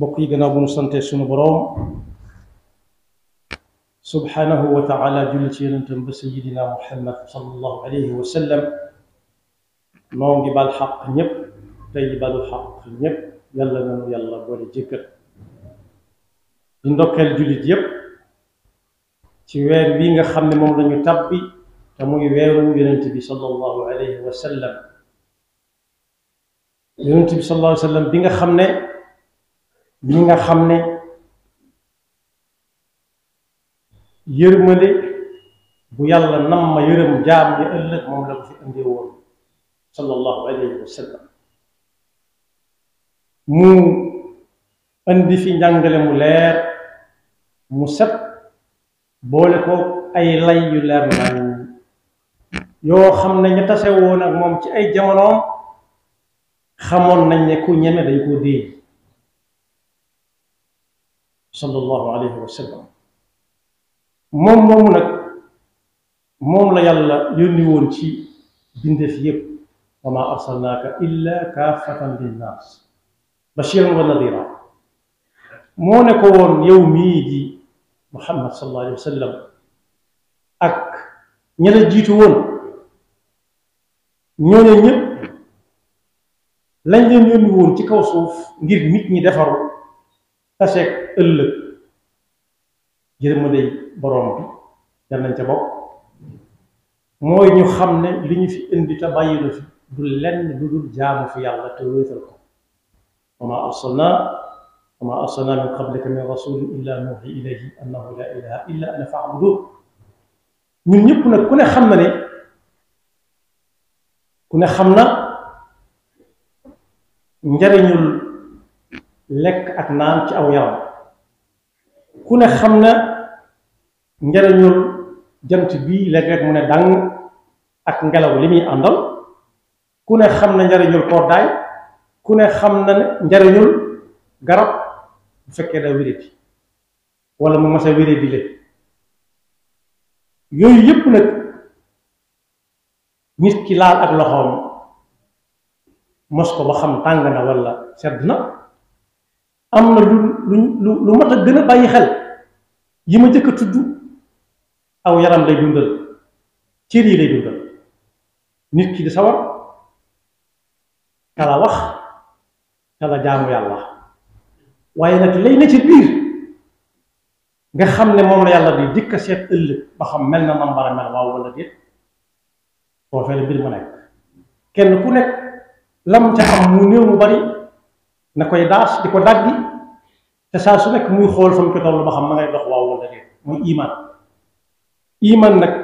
بقي جناب نسنت سن برام سبحانه وتعالى جل جل انتم بسيدنا محمد صلى الله عليه وسلم نونج بالحق نيب تي بالحق نيب يلا نو يلا بوري جيك ندوكل جوليت يب تي وير بيغا خامني موم لا نيو تابي تا موي ويرو يونتبي صلى الله عليه وسلم يونتبي صلى الله عليه وسلم بيغا خامني bi nga xam ne yërmande bu yàlla nam ma yërëm jaam yi ëllëg moom la ko fi indee woon sallallahu alayhi wa sallam mu indi fi njàngale mu leer mu set boole ko ay lay yu leer nañ yoo xam ne ñu tase woon ak moom ci ay jamonoom xamoon nañ ne ku ñeme dañ koo dee sallallahu alayhi wa sallam moom moomu nag moom la yàlla yónni woon ci bindeef yépp wa maa arsalnaaka illa kaafatan linnaas bashiran wa nadira moo ne ko woon yow mii di muhammad sallallahu alayhi wa sallam ak ña la jiitu woon ñooñu ñëpp lañ leen yónni woon ci kaw suuf ngir nit ñi defaru taseeg ëllëg yërmandey borom bi yal nañ ca bokk mooy ñu xam ne li ñu fi indi te bàyyi na fi du lenn lu dul jaamu fi yàlla te wéetal ko wa maa arsalna wa maa arsalna min qablika min rasulin illa nuuhi ilayhi annahu la ilaha illa ana fa'budun ñun ñëpp nag ku ne xam na ne ku ne xam na njariñul lekk ak naan ci aw yaram ku ne xam na njariñul jant bii léeg mu ne dang ak ngelaw li muy àndal ku ne xam na njariñul koddaay ku ne xam na njariñul garab bu fekkee da wéradi wala mu mas a wéradi le yooyu yépp nag nit ki laal ak loxoom mos ko ba xam tàng na wala sedd na am na lu lu lu mat a gën a bàyyi xel yi ma njëkk a tudd aw yaram lay dundal cër yi lay dundal nit ki di sawar kala wax kala jaamu yàlla waaye nag lay na ci biir nga xam ne moom la yàlla di dikk seet ëllëg ba xam mel na man war a mel waaw wala déet foofee la mbir ma nekk kenn ku nekk lam ca am mu néew mu bari na koy daas di ko daggi te saa su nekk muy xool fa mu ko toll ba xam ma ngay dox waaw wala déet muy iman iman nag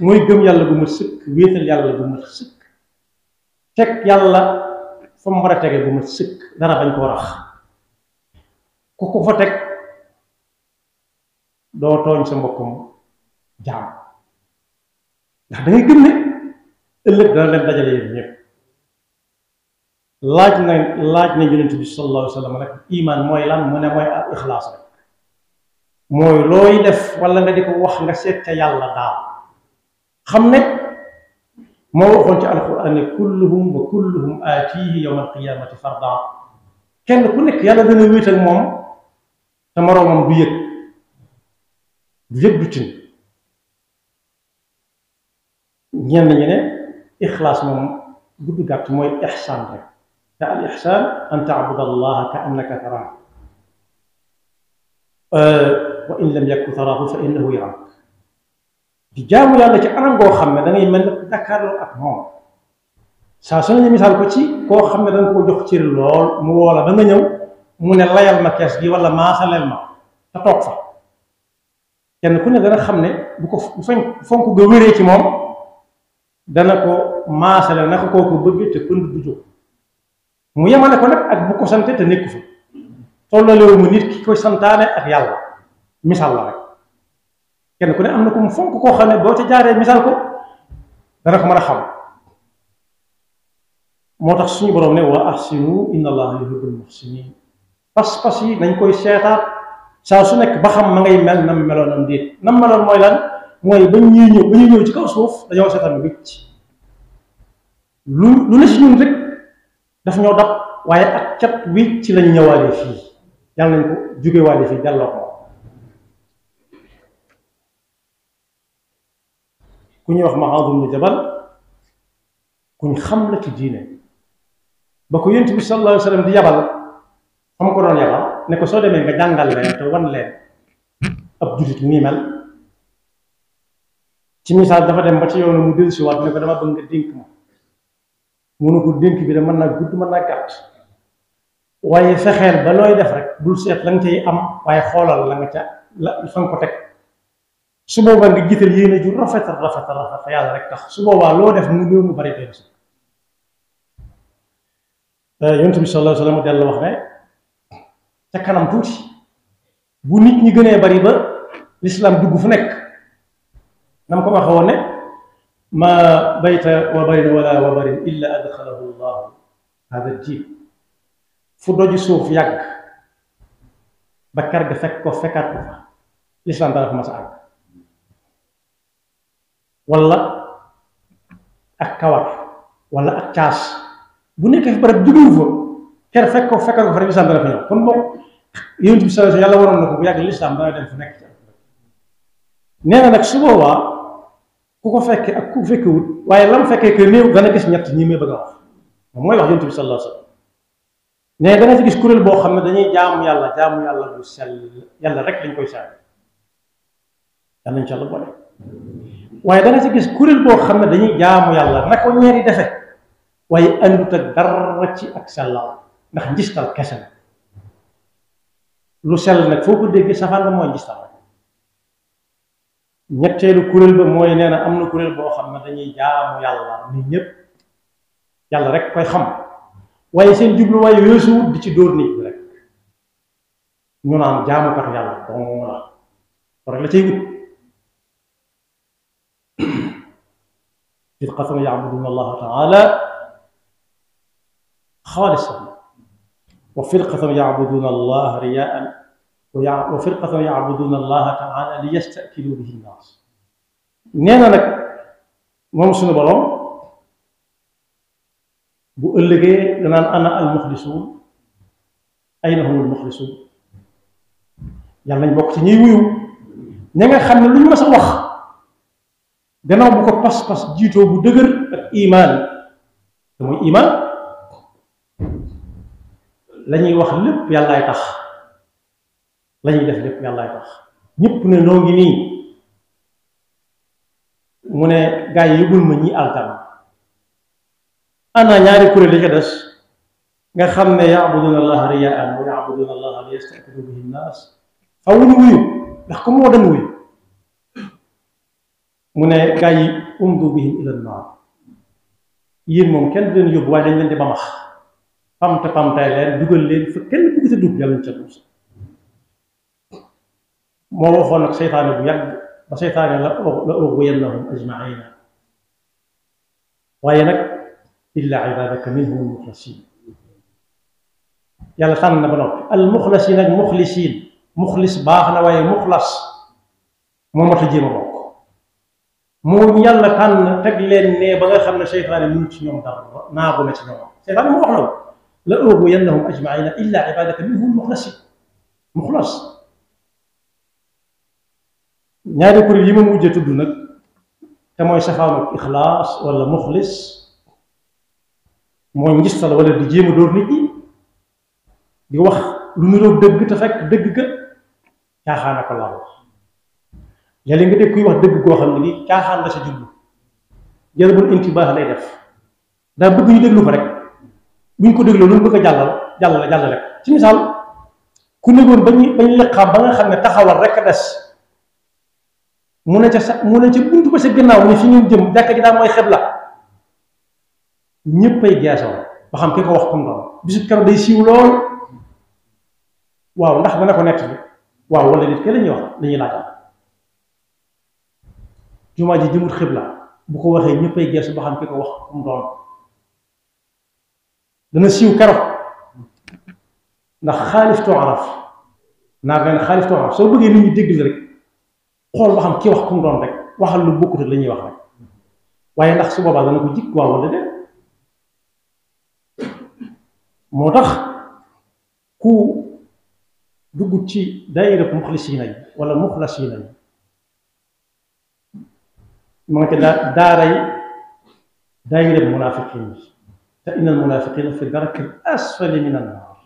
mooy gëm yàlla bu mat sëkk wéetal yàlla bu mat sëkk teg yàlla fa mu war a tege bu mat sëkk dara bañ koo rax ku ko fa teg doo tooñ sa mbokkum jaam ndax da ngay ne ëllëg dana leen dajale yéen ñëpp laaj na laaj na yonent bi sallallahu alayhi wa sallam rek iman mooy lan mu ne mooy al ixlaas rek mooy looy def wala nga di ko wax nga seet ca yàlla daal xam ne moo waxoon ci alquran ne kulluhum wa kulluhum aatihi yowma alqiyamati farda kenn ku nekk yàlla dana wéet ak moom te moroomam du yëg du yëg du tin ñenn ñi ne ixlaas moom gudd gàtt mooy ixsaan rek الإحسان أن تعبد الله كأنك تراه أه، وإن لم يكن تراه فإنه يراك في جامو يالا كي أنا غو خامي دا ناي مل داكار لو اك موم سا سون ني ميسال كو تي كو خامي دا نكو جوخ تي لول مو ولا دا نيو مو ني لايال ما كاس دي ولا ما سالل يعني ما تا توك فا كين كو ني دا خامي بو كو فان فونكو غو ويري تي موم دا نكو ما سالل نكو كوكو بوبي تي كوند بو mu yemale ko nak ak bu ko sante te nekku fa tollalewu mu nit ki koy santane ak yàlla misal la rek kenn ku ne amna ko mu fonk ko xamne bo ci jare misal ko dara ko mara xam motax suñu borom ne wa ahsinu inna allaha yuhibbul muhsinin pas-pas yi nañ koy seetaat sa su nek ba xam ma ngay mel nam meloon am déet nam meloon moy lan moy bañ ñi ñëw bañ ñëw ci kaw suuf dañoo seetaan wicc lu lu ne ci ñun rek daf ñoo dab waaye ak cat wi ci lañ ñëwaale fii yàlla nañ ko jógewaale fii delloo ko ku ñuy wax Muaaz ibn Jabal kuñ xam la ci diine ba ko yonent bi sallallahu alayhi wa di yabal xam ko doon yabal ne ko soo demee nga jàngal leen te wan leen ab jullit nii ci misaal dafa dem ba ci yow na mu dellusiwaat ne ko dama bëgg nga dénk ma mu ne ko dénk bi de mën naa gudd mën naa gàtt waaye fexeel ba looy def rek bul seet la nga am waaye xoolal la ca la fa nga ko teg su boobaa nga jiital yéene ju rafetal rafetal rafetal yàlla rek tax su boobaa loo def mu néew mu bari doy si euh, yonent bi sallallahu alayhi wax ne ca kanam tuuti bu nit ñi gënee bari ba lislaam dugg fu nekk na ma ko waxe woon ما بيت وبر ولا وبر إلا أدخله الله هذا الجيب فدوجي سوف ياك بكر دفك وفكر كفا الإسلام تعرف مسا ولا أكوار ولا أكاس نيك في برد جدوفه كير فك كو وفكر كفا الإسلام تعرف نعم. كون بو يونس يوم تبصر يالا ورون نكو ياك الإسلام تعرف نينا نك نكسبه كوكو فك اكو فيكو واي لام فك كنيو غانا كيس نيات ني مي بغا واخ موي واخ يونتبي صلى الله عليه وسلم ني غانا سي كيس كورل بو خامن داني جام يالا جام يالا دو سل يالا رك لي نكوي سال يالا ان شاء الله بولي واي داني سي كيس كورل بو خامن داني جام يالا نكو نيري دافي واي اندوت درتي اك سلا نخ نجيستال كاسل لو سل نك فوكو ديغي سافال مو نجيستال ñetteelu kuréel ba mooy nee na am na kuréel boo xam ne dañuy jaamu yàlla nit ñëpp yàlla rek koy xam waaye seen jubluwaay yooyu di ci dóor nit ñi rek ñu naan jaamukat yàlla bon la rek la cay wut firqatun ya'buduna allaha ta'ala xaalisan wa firqatun ya'buduna allaha riyaan وفرقة يعبدون الله تعالى ليستأكلوا به الناس نينا لك مهم إيه؟ سنو برام بقول لكي لنان أنا المخلصون أين هم المخلصون يعني بوقت نيويو نينا خمنا لن ما سوخ دنا بوكا باس باس جيتو بو دغر ايمان دمو ايمان لا نيوخ لب يالله تخ lañuy def lépp yàllaay tax ñëpp ne noo ngi nii mu ne gaa yi yëgul ma ñi alkan ana ñaari kuréel yi ca des nga xam ne yaabuduna allaha riyaan wa yaabuduna allaha li yastakbiru bihi nnaas faw ñu wuyu ndax ku moo dañ wuyu mu ne gaa yi umdu bihim ila nnaar yéen moom kenn du yóbbu waaye dañ leen bamax pamte pamtay leen dugal leen fa kenn bëgg sa dugg yàlla ñu ca dugg ما وخون الشيطان بيق الشيطان لا لأغوينهم أجمعين وينك إلا عبادك منهم المخلصين يلا خلنا بنوك المخلصين المخلصين مخلص باخنا وي مخلص مو متجي مبوك مو يلا كان تقلين نيبغي باغا خمنا شيطان من شي دار ناغو ماشي نيوم شيطان مو أجمعين إلا عبادك منهم المخلصين مخلص, مخلص. ñaari kuréel yi ma mujjee tudd nag te mooy safaanoog ixlaas wala muxlis mooy njistal wala di jéem a dóor nit ñi di wax lu niroog dëgg te fekk dëgg ga caaxaana ko laal léeg-léeg nga dégg kuy wax dëgg goo xam ne lii caaxaan la sa jublu jëlbul intibaax lay def daa bëgg ñu déglu ko rek ñu ko dégloo lu mu bëgg a jàllal jàllale rek ci misaal ku négoon bañu bañ liqaam ba nga xam ne taxawal rek a des mu ne ca sa mu ne ca buntu ba sa gannaaw ni fi ñu jëm jàkka ji daal mooy xebla ñëppay geesoo ba xam ki ko wax comme noonu bisu keroog day siiw lool waaw ndax dana ko nekk bi waaw wala nit ke la wax la ñuy jumaa ji jëmut xibla bu ko waxee ñëppay geesu ba xam ki ko wax comme noonu dana siiw keroog ndax xaalif too araf naa benn xaalif too araf soo bëggee nit ñi dégg la rek. xol waxam ki wax kum doon rek waxal lu bokkut lañuy wax rek waaye ndax su boobaa dana ko jik waaw wala déet moo tax ku dugg ci daayira muxlisiina yi wala muxlasiina yi ma nga ca daaray daayira munafiqin yi te innal munaafiqiina fi darki asfali min annaar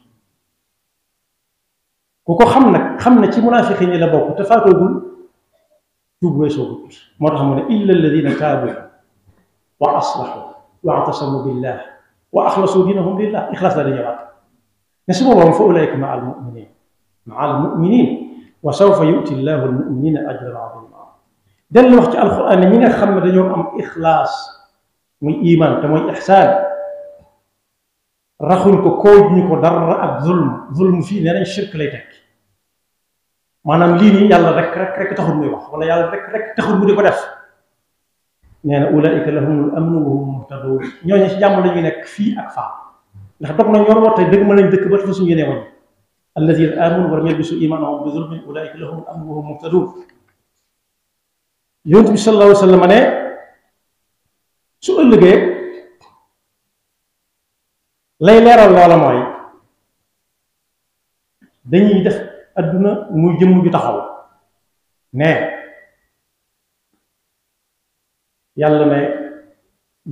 ku ko xam nag xam na ci munafiqin yi la bokk te faatoogul توب ويسو مرة من إلا الذين تابوا وأصلحوا واعتصموا بالله وأخلصوا دينهم لله إخلاص لله جواب نسب الله فأولئك مع المؤمنين مع المؤمنين وسوف يؤتي الله المؤمنين أجرا عظيما دل وقت القرآن من خمر يوم أم إخلاص مي إيمان تموي إحسان رخل كوكوج نيكو در ظلم ظلم في نرى الشرك ليتك manam li ni yàlla rek rek rek taxul muy wax wala yàlla rek rek taxul mu diko def neena na lahum al amnu wa hum muhtadun ñoo ñi ci jàmm la ñuy nekk fii ak fa ndax dog na ñor woote dëgg ma lañ dëkk ba tafa ñu yéene woon al amanu wa lam yalbisu imanahum bi zulmin ulaika al amnu wa hum muhtadun yunus bi sallallahu alayhi wa sallam ne su ëllëgé lay léral loola moy dañuy def aduna muy jëm ju taxaw ne yàlla ne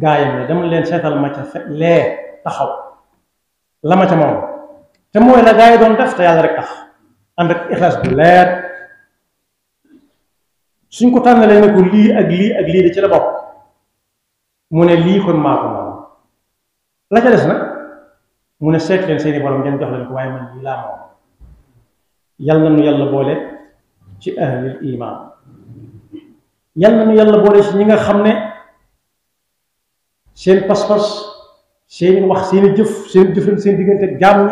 gaayam ne dama leen sétal ma ca lé taxaw la ma ca mom te moy la gaay doon def te yàlla rek tax ànd ak ikhlas bu leer suñ ko tanalé ne ko li ak li ak li ci la bok mu ne li kon maa ko moom la ca dess nag mu ne seet leen seeni borom ngeen jox leen ko waye man li la mom yal na nu yàlla boole ci ahlil iman yalla nu yàlla boole ci ñinga xamne seen pass pass seen wax seen jëf seen jëfëm seen digënté jàmm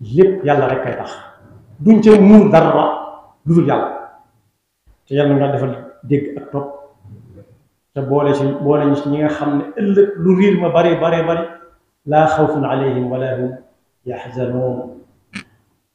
lépp yàlla rek kay tax duñ ci mu dara lu yàlla te yàlla nga defal deg ak top te boole ci boole ñu ci ñinga xamne xam lu riir ma bari bari bari laa xawfun alayhim wala hum yaxzanuun